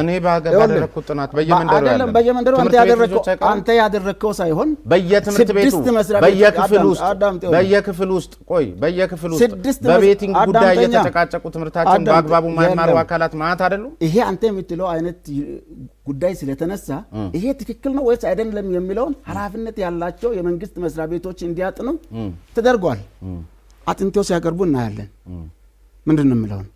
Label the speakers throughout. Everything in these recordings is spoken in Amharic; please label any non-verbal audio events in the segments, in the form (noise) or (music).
Speaker 1: እኔ በሀገር ባደረግኩት ጥናት በየመንደሩ
Speaker 2: አይደለም፣ በየመንደሩ አንተ ያደረግከው ሳይሆን
Speaker 1: በየትምህርት ቤቱ በየክፍል ውስጥ በየክፍል ውስጥ ቆይ በየክፍል ውስጥ በቤቲንግ ጉዳይ እየተጨቃጨቁ በአግባቡ ማይማሩ አካላት ማለት
Speaker 2: ይሄ አንተ የምትለው አይነት ጉዳይ ስለተነሳ ይሄ ትክክል ነው ወይስ አይደለም የሚለውን ኃላፊነት ያላቸው የመንግስት መስሪያ ቤቶች እንዲያጥኑ ተደርጓል። አጥንቶ ሲያቀርቡ እናያለን። ምንድን ነው የሚለውን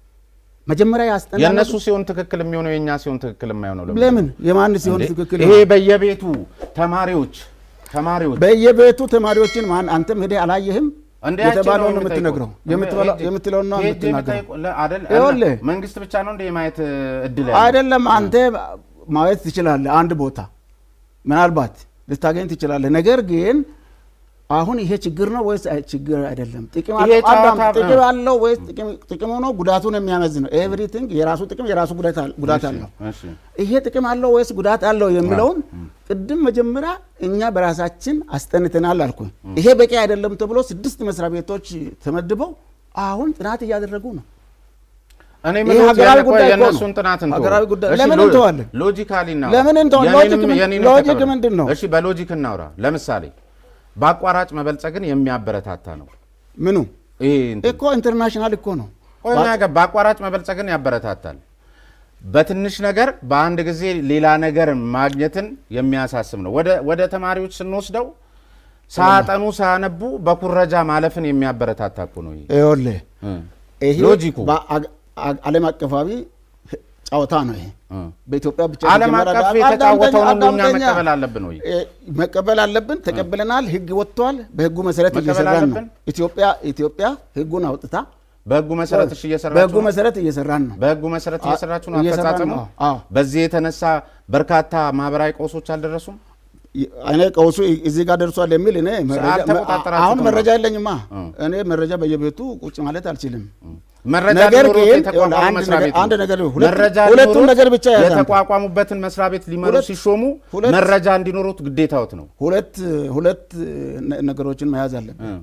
Speaker 2: መጀመሪያ
Speaker 1: ያስጠና የእነሱ ሲሆን ትክክል የሚሆነው የእኛ ሲሆን ትክክል የማይሆነው
Speaker 2: ለምን? የማን ሲሆን
Speaker 1: ትክክል? ይሄ በየቤቱ ተማሪዎች
Speaker 2: ተማሪዎች በየቤቱ ተማሪዎችን ማን አንተም ሄደህ አላየህም? የተባለው ነው የምትነግረው የምትለው ነው
Speaker 1: የምትናገረው። መንግስት ብቻ ነው እንደ የማየት
Speaker 2: እድል አይደለም። አንተ ማየት ትችላለህ። አንድ ቦታ ምናልባት ልታገኝ ትችላለህ። ነገር ግን አሁን ይሄ ችግር ነው ወይስ ችግር አይደለም? ጥቅም አለው ወይስ ጥቅም ሆኖ ጉዳቱን የሚያመዝ ነው? ኤቭሪቲንግ የራሱ ጥቅም የራሱ ጉዳት አለው። ይሄ ጥቅም አለው ወይስ ጉዳት አለው የሚለውን ቅድም መጀመሪያ እኛ በራሳችን አስጠንተናል አልኩኝ። ይሄ በቂ አይደለም ተብሎ ስድስት መስሪያ ቤቶች ተመድበው አሁን ጥናት እያደረጉ
Speaker 1: ነው። የእነሱን ጥናት ለምን እንተዋለን? ሎጂካሊ ሎጂክ ምንድን ነው? በሎጂክ እናውራ። ለምሳሌ በአቋራጭ መበልጸግን የሚያበረታታ
Speaker 2: ነው። ምኑ እኮ ኢንተርናሽናል እኮ ነው።
Speaker 1: በአቋራጭ መበልጸግን ያበረታታል። በትንሽ ነገር በአንድ ጊዜ ሌላ ነገር ማግኘትን የሚያሳስብ ነው። ወደ ተማሪዎች ስንወስደው ሳጠኑ ሳያነቡ በኩረጃ ማለፍን የሚያበረታታ እኮ ነው። ይሄ
Speaker 2: ሎጂኩ ዓለም አቀፋዊ ጨዋታ ነው ይሄ። በኢትዮጵያ ብቻ ዓለም አቀፍ የተጫወተውን ሁሉ እኛ መቀበል አለብን ወይ? መቀበል አለብን። ተቀብለናል። ህግ ወጥቷል። በህጉ መሰረት እየሰራን ነው። ኢትዮጵያ ኢትዮጵያ ህጉን አውጥታ በህጉ መሰረት እሺ፣ እየሰራችሁ በህጉ
Speaker 1: መሰረት እየሰራን ነው። በህጉ መሰረት እየሰራችሁ ነው። አፈጻጸሙ በዚህ የተነሳ በርካታ ማህበራዊ ቀውሶች አልደረሱም።
Speaker 2: እኔ ቀውሱ እዚህ ጋር ደርሷል የሚል እኔ አሁን መረጃ የለኝማ። እኔ መረጃ በየቤቱ ቁጭ ማለት አልችልም። ነገር
Speaker 1: ግን ሁለቱም ነገር ብቻ የተቋቋሙበትን መስሪያ ቤት ሊመሩ ሲሾሙ መረጃ እንዲኖሩት ግዴታዎት
Speaker 2: ነው። ሁለት ነገሮችን መያዝ አለብን።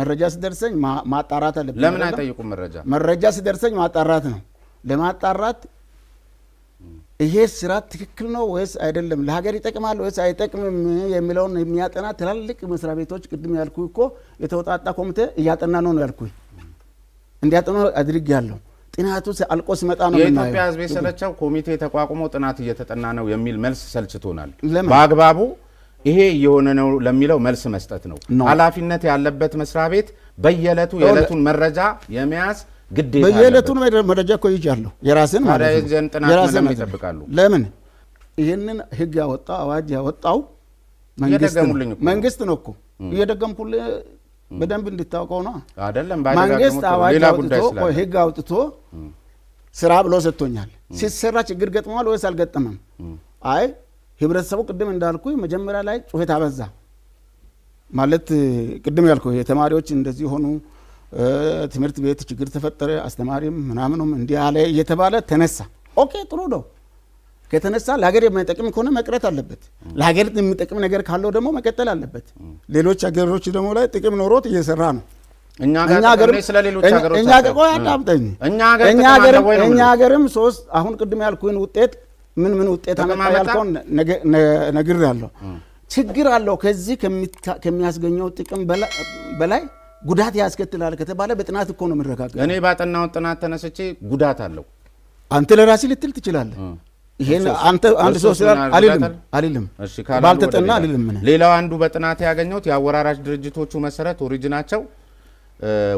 Speaker 2: መረጃ ሲደርሰኝ ማጣራት አለብን።
Speaker 1: ለምን አይጠይቁም? መረጃ
Speaker 2: መረጃ ሲደርሰኝ ማጣራት ነው። ለማጣራት ይሄ ስራ ትክክል ነው ወይስ አይደለም፣ ለሀገር ይጠቅማል ወይስ አይጠቅምም የሚለውን የሚያጠና ትላልቅ መስሪያ ቤቶች ቅድም ያልኩ እኮ የተወጣጣ ኮሚቴ እያጠና ነው ነው ያልኩኝ እንዲያጠኑ ያለው ጥናቱ አልቆ
Speaker 1: ሲመጣ ነው የኢትዮጵያ ሕዝብ የሰለቸው ኮሚቴ ተቋቁሞ ጥናት እየተጠና ነው የሚል መልስ ሰልችቶናል። በአግባቡ ይሄ እየሆነ ነው ለሚለው መልስ መስጠት ነው ኃላፊነት ያለበት መስሪያ ቤት በየዕለቱ የዕለቱን መረጃ የመያዝ
Speaker 2: ግዴታ በየዕለቱን መረጃ እኮ ይዣለሁ። የራስን ጥናት ይጠብቃሉ። ለምን ይህንን ህግ ያወጣው አዋጅ ያወጣው መንግስት ነው እኮ እየደገምኩልህ በደንብ እንድታውቀው ነው። አይደለም መንግስት አዋጅ አውጥቶ ህግ አውጥቶ ስራ ብሎ ሰጥቶኛል። ሲሰራ ችግር ገጥመዋል ወይስ አልገጠመም? አይ ህብረተሰቡ ቅድም እንዳልኩ መጀመሪያ ላይ ጩኸት አበዛ ማለት ቅድም ያልኩ የተማሪዎች እንደዚህ ሆኑ፣ ትምህርት ቤት ችግር ተፈጠረ፣ አስተማሪም ምናምኑም እንዲህ አለ እየተባለ ተነሳ። ኦኬ ጥሩ ነው። ከተነሳ ለሀገር የማይጠቅም ከሆነ መቅረት አለበት። ለሀገር የሚጠቅም ነገር ካለው ደግሞ መቀጠል አለበት። ሌሎች ሀገሮች ደግሞ ላይ ጥቅም ኖሮት እየሰራ
Speaker 1: ነው። እኛ አዳምጠኝ።
Speaker 2: እኛ ሀገርም ሶስት አሁን ቅድም ያልኩን ውጤት ምን ምን ውጤት አመጣ ያልከውን ነግሬሃለሁ። ችግር አለው። ከዚህ ከሚያስገኘው ጥቅም በላይ ጉዳት ያስከትላል ከተባለ በጥናት
Speaker 1: እኮ ነው የሚረጋገጥ። እኔ ባጠናውን ጥናት ተነስቼ ጉዳት አለው
Speaker 2: አንተ ለራሴ ልትል ትችላለህ። ይሄን አንተ አንድ ሰው ስላል አልልም አልልም
Speaker 1: ባልተጠና አልልም። ሌላው አንዱ በጥናት ያገኘሁት የአወራራሽ ድርጅቶቹ መሰረት ኦሪጅናቸው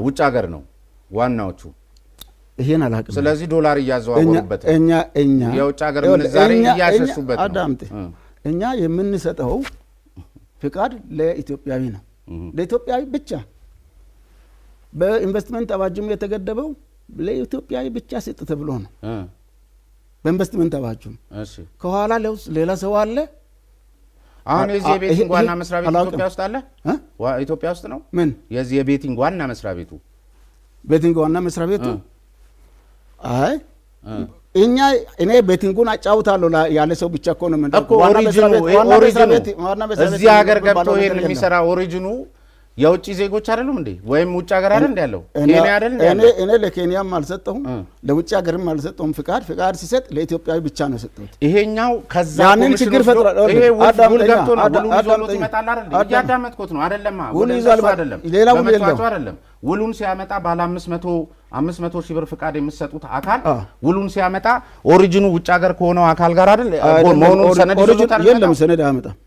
Speaker 1: ውጭ ሀገር ነው ዋናዎቹ። ይሄን አላቅም። ስለዚህ ዶላር
Speaker 2: እያዘዋወሩበት
Speaker 1: እኛ እኛ የውጭ ሀገር ምንዛሬ
Speaker 2: እያሸሹበት አዳምጤ እኛ የምንሰጠው ፍቃድ ለኢትዮጵያዊ ነው፣ ለኢትዮጵያዊ ብቻ። በኢንቨስትመንት አዋጅም የተገደበው ለኢትዮጵያዊ ብቻ ስጥ ተብሎ ነው። በኢንቨስትመንት አባችሁም ከኋላ ሌላ
Speaker 1: ሰው አለ። አሁን የዚህ የቤቲንግ ዋና መስሪያ ቤት ኢትዮጵያ ውስጥ አለ። ኢትዮጵያ ውስጥ ነው። ምን የዚህ የቤቲንግ ዋና መስሪያ
Speaker 2: ቤቱ ቤቲንግ ዋና መስሪያ ቤቱ አይ እኛ እኔ ቤቲንጉን አጫውታለሁ
Speaker 1: ያለ ሰው ብቻ እኮ ነው። ኦሪጂኑ እዚህ ሀገር ገብቶ ይሄን የሚሰራ ኦሪጂኑ የውጭ ዜጎች አይደሉም እንዴ? ወይም ውጭ ሀገር አይደል እንዴ ያለው? ኬንያ
Speaker 2: አይደል እንዴ? እኔ እኔ ለኬንያም አልሰጠሁም ለውጭ ሀገርም አልሰጠሁም ፍቃድ። ፍቃድ ሲሰጥ ለኢትዮጵያዊ ብቻ
Speaker 1: ነው የሰጠሁት። ይሄኛው
Speaker 2: ከዛ ያንን
Speaker 1: ችግር ፈጥሯል። ይሄ አዳም ገብቶ ነው ሁሉ ይዞት ይመጣል አይደል? እያዳመጥኩት ነው አይደለም? ሁሉ ይዟል አይደለም? ሌላ ሁሉ የለው አይደለም? ውሉን ሲያመጣ ባለ 500 500 ሺህ ብር ፍቃድ የምትሰጡት አካል ውሉን ሲያመጣ ኦሪጂኑ ውጭ ሀገር ከሆነው አካል ጋር አይደል መሆኑን ሰነድ
Speaker 2: ይዞታል። የለም ሰነድ አያመጣም።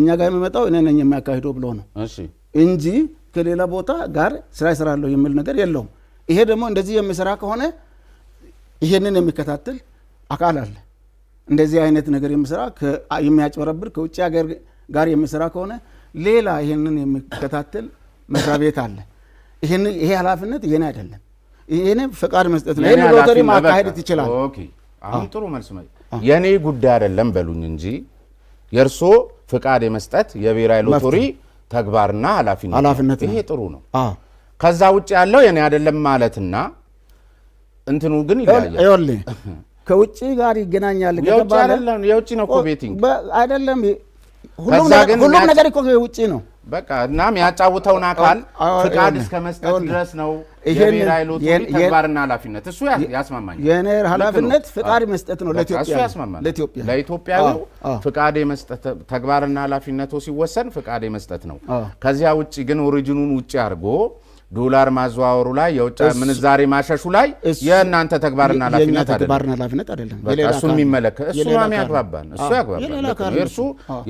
Speaker 2: እኛ ጋር የሚመጣው እኔ ነኝ
Speaker 1: የሚያካሂደው ብሎ ነው።
Speaker 2: እሺ እንጂ ከሌላ ቦታ ጋር ስራ ይሰራለሁ የሚል ነገር የለውም። ይሄ ደግሞ እንደዚህ የሚሰራ ከሆነ ይሄንን የሚከታተል አካል አለ። እንደዚህ አይነት ነገር የሚሰራ የሚያጭበረብር ከውጭ ሀገር ጋር የሚሰራ ከሆነ ሌላ ይሄንን የሚከታተል መስሪያ ቤት አለ። ይሄ ኃላፊነት ይሄን አይደለም። ይሄኔ ፈቃድ መስጠት ነው። ይሄን ሎተሪ ማካሄድ
Speaker 1: ትችላል። አሁን ጥሩ መልስ ነው። የእኔ ጉዳይ አይደለም በሉኝ እንጂ የእርሶ ፍቃድ የመስጠት የብሔራዊ ሎተሪ ተግባርና ኃላፊነት ይሄ ጥሩ ነው። ከዛ ውጭ ያለው የኔ አይደለም ማለትና እንትኑ
Speaker 2: ግን ይለያል። (laughs) ከውጭ ጋር ይገናኛል።
Speaker 1: የውጭ ነው እኮ ቤቲንግ
Speaker 2: አይደለም። ሁሉም ነገር እኮ
Speaker 1: የውጭ ነው። በቃ እናም ያጫውተውን አካል ፍቃድ እስከ መስጠት ድረስ ነው የብሔራዊ ሎተሪ ተግባርና ኃላፊነት። እሱ
Speaker 2: ያስማማኛል። የእኔ ኃላፊነት ፍቃድ መስጠት ነው ለኢትዮጵያ
Speaker 1: ለኢትዮጵያዊው ፍቃድ የመስጠት ተግባርና ኃላፊነቱ ሲወሰን ፍቃድ የመስጠት ነው። ከዚያ ውጭ ግን ኦሪጂኑን ውጭ አድርጎ ዶላር ማዘዋወሩ ላይ የውጭ ምንዛሬ ማሸሹ ላይ የእናንተ ተግባርና ኃላፊነት አይደለም። እሱ የሚመለከት እሱ ያግባባን እሱ ያግባባን የእርሱ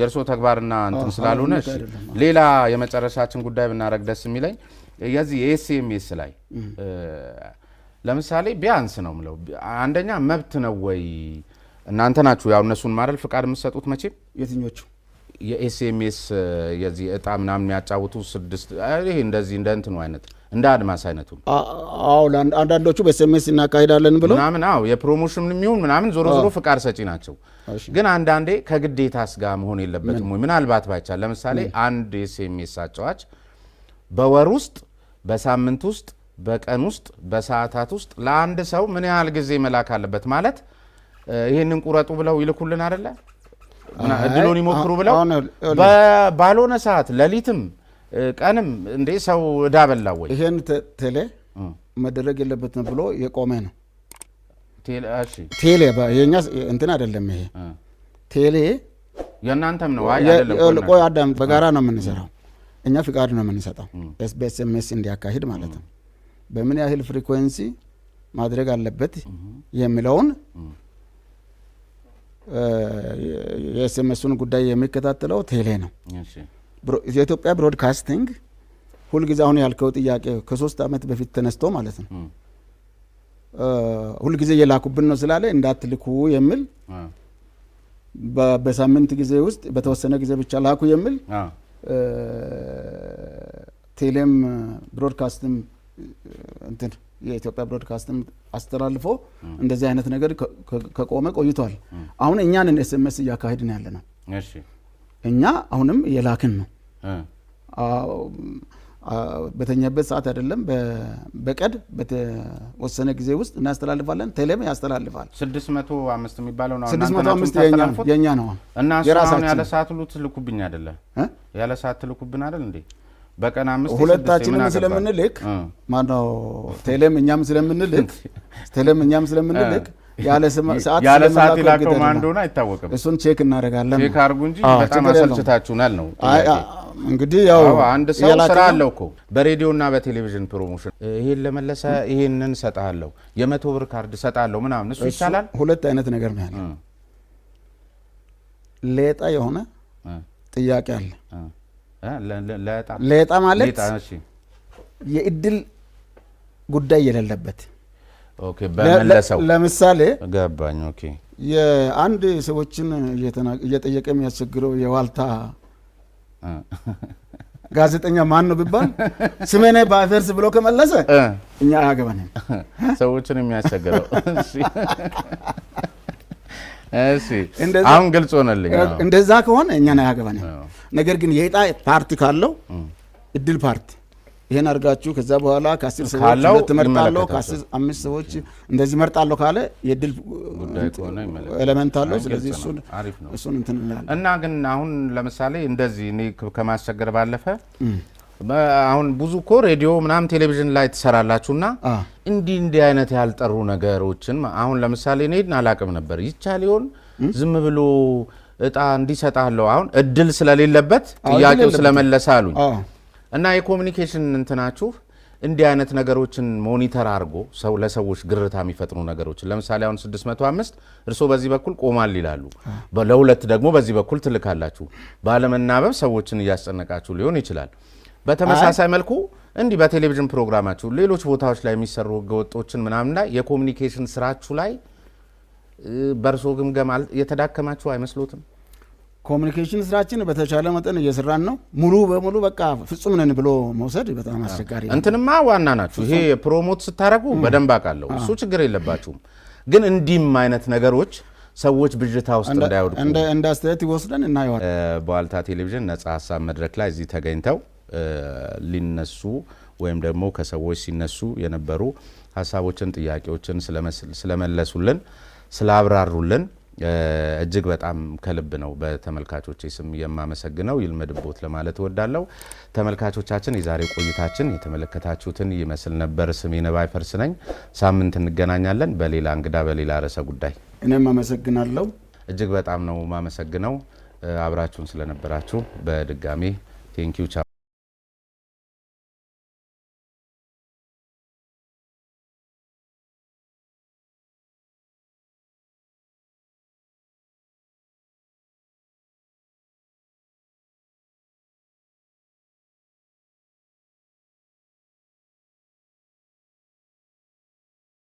Speaker 1: የእርሱ ተግባርና እንትን ስላልሆነ ሌላ የመጨረሻችን ጉዳይ ብናደረግ ደስ የሚለኝ የዚህ የኤስኤምኤስ ላይ ለምሳሌ ቢያንስ ነው ምለው አንደኛ መብት ነው ወይ እናንተ ናችሁ ያው እነሱን ማረል ፍቃድ የምትሰጡት
Speaker 2: መቼም የትኞቹ
Speaker 1: የኤስኤምኤስ የዚህ እጣ ምናምን የሚያጫውቱ ስድስት ይሄ እንደዚህ እንደ እንትኑ አይነት እንደ አድማስ
Speaker 2: አይነቱ አዎ፣ አንዳንዶቹ በኤስኤምኤስ እናካሄዳለን
Speaker 1: ብለው ምናምን አዎ፣ የፕሮሞሽን የሚሆን ምናምን ዞሮ ዞሮ ፍቃድ ሰጪ ናቸው። ግን አንዳንዴ ከግዴታስ ጋር መሆን የለበትም ወይ? ምናልባት ባይቻል ለምሳሌ አንድ የኤስኤምኤስ አጫዋች በወር ውስጥ በሳምንት ውስጥ በቀን ውስጥ በሰዓታት ውስጥ ለአንድ ሰው ምን ያህል ጊዜ መላክ አለበት ማለት ይህንን ቁረጡ ብለው ይልኩልን አይደለ እድሉን ይሞክሩ ብለው ባልሆነ ሰዓት ሌሊትም ቀንም እንዴ ሰው እዳበላ
Speaker 2: ወይ ይሄን ቴሌ መደረግ የለበትም ብሎ የቆመ ነው። ቴሌ የኛ እንትን አይደለም። ይሄ ቴሌ የእናንተም ነው። ቆይ አዳም በጋራ ነው የምንሰራው እኛ ፍቃድ ነው የምንሰጠው ኤስቢኤስኤምኤስ እንዲያካሂድ ማለት ነው። በምን ያህል ፍሪኩዌንሲ ማድረግ አለበት የሚለውን የኤስኤምኤሱን ጉዳይ የሚከታተለው ቴሌ ነው። የኢትዮጵያ ብሮድካስቲንግ ሁልጊዜ አሁን ያልከው ጥያቄ ከሶስት ዓመት በፊት ተነስቶ ማለት ነው ሁልጊዜ እየላኩብን ነው ስላለ እንዳትልኩ የሚል በሳምንት ጊዜ ውስጥ በተወሰነ ጊዜ ብቻ ላኩ የሚል ቴሌም ብሮድካስትም እንትን የኢትዮጵያ ብሮድካስትም አስተላልፎ እንደዚህ አይነት ነገር ከቆመ ቆይቷል። አሁን እኛን ኤስ እያካሄድን ያለ ነው። እኛ አሁንም የላክን ነው። በተኛበት ሰዓት አይደለም፣ በቀድ በተወሰነ ጊዜ ውስጥ እናስተላልፋለን። ቴሌም
Speaker 1: ያስተላልፋል። ስድስት መቶ
Speaker 2: አምስት የሚባለው ነው። ስድስት መቶ አምስት
Speaker 1: የእኛ ነው እና ያለ ሰዓት ሁሉ ትልኩብኝ አይደለ? ያለ ሰዓት ትልኩብን አይደል እንዴ?
Speaker 2: በቀን አምስት ሁለታችንም ስለምንልክ ማነው ቴሌም እኛም ስለምንልክ ቴሌም እኛም ስለምንልክ
Speaker 1: ያለ ሰዓት ማን እንደሆነ አይታወቅም።
Speaker 2: እሱን ቼክ እናደርጋለን።
Speaker 1: ቼክ አድርጉ እንጂ በጣም አሰልችታችሁናል ነው እንግዲህ። ያው አንድ ሰው ስራ አለው እኮ በሬዲዮና በቴሌቪዥን ፕሮሞሽን ይሄን ለመለሰ ይሄንን የመቶ ብር ካርድ ምናምን፣
Speaker 2: እሱ ይቻላል። ሁለት አይነት ነገር ነው ያለ ሌጣ የሆነ ጥያቄ
Speaker 1: አለ ለዕጣ ማለት
Speaker 2: የእድል ጉዳይ የሌለበት ለምሳሌ ገባኝ። የአንድ ሰዎችን እየጠየቀ የሚያስቸግረው የዋልታ ጋዜጠኛ ማን ነው ቢባል ስሜኔ ባፌርስ ብሎ ከመለሰ እኛ
Speaker 1: አያገባንም። ሰዎችን የሚያስቸግረው
Speaker 2: አሁን ግልጽ ሆነልኝ። እንደዛ ከሆነ እኛን አያገባንም። ነገር ግን የጣ ፓርቲ ካለው እድል ፓርቲ ይሄን አድርጋችሁ ከዛ በኋላ ከአስር ሰዎች ትመርጣለሁ ከአስር አምስት ሰዎች እንደዚህ መርጣለሁ ካለ የድል ኤለመንት
Speaker 1: አለው። ስለዚህ እሱን እንትን እንላለን እና ግን አሁን ለምሳሌ እንደዚህ እኔ ከማስቸገር ባለፈ አሁን ብዙ እኮ ሬዲዮ ምናምን ቴሌቪዥን ላይ ትሰራላችሁና እንዲህ እንዲህ አይነት ያልጠሩ ነገሮችን አሁን ለምሳሌ እኔን አላቅም ነበር ይቻል ይሆን ዝም ብሎ እጣ እንዲሰጣለሁ አሁን እድል ስለሌለበት ጥያቄው ስለመለሰ አሉኝ እና የኮሚኒኬሽን እንትናችሁ እንዲህ አይነት ነገሮችን ሞኒተር አድርጎ ሰው ለሰዎች ግርታ የሚፈጥሩ ነገሮችን ለምሳሌ አሁን 605 እርስዎ በዚህ በኩል ቆማል ይላሉ፣ ለሁለት ደግሞ በዚህ በኩል ትልካላችሁ። ባለመናበብ ሰዎችን እያስጨነቃችሁ ሊሆን ይችላል። በተመሳሳይ መልኩ እንዲህ በቴሌቪዥን ፕሮግራማችሁ ሌሎች ቦታዎች ላይ የሚሰሩ ህገወጦችን ምናምን ላይ የኮሚኒኬሽን ስራችሁ ላይ በእርሶ ግምገማ የተዳከማችሁ
Speaker 2: አይመስሎትም? ኮሚኒኬሽን ስራችን በተቻለ መጠን እየሰራን ነው። ሙሉ በሙሉ በቃ ፍጹም ነን ብሎ መውሰድ በጣም አስቸጋሪ።
Speaker 1: እንትንማ ዋና ናችሁ። ይሄ ፕሮሞት ስታደረጉ በደንብ አውቃለሁ። እሱ ችግር የለባችሁም። ግን እንዲህም አይነት ነገሮች ሰዎች
Speaker 2: ብዥታ ውስጥ እንዳይወድቁ እንደ አስተያየት
Speaker 1: ይወስደን እናየዋል። በዋልታ ቴሌቪዥን ነጻ ሀሳብ መድረክ ላይ እዚህ ተገኝተው ሊነሱ ወይም ደግሞ ከሰዎች ሲነሱ የነበሩ ሀሳቦችን፣ ጥያቄዎችን ስለመለሱልን፣ ስላብራሩልን እጅግ በጣም ከልብ ነው በተመልካቾች ስም የማመሰግነው። ይልመድቦት ለማለት እወዳለሁ። ተመልካቾቻችን የዛሬ ቆይታችን የተመለከታችሁትን ይመስል ነበር። ስሜ ነባይ ነኝ። ሳምንት እንገናኛለን በሌላ እንግዳ በሌላ
Speaker 2: ርዕሰ ጉዳይ። እኔም አመሰግናለሁ።
Speaker 1: እጅግ በጣም ነው ማመሰግነው አብራችሁን ስለነበራችሁ በድጋሜ ቴንኪዩ።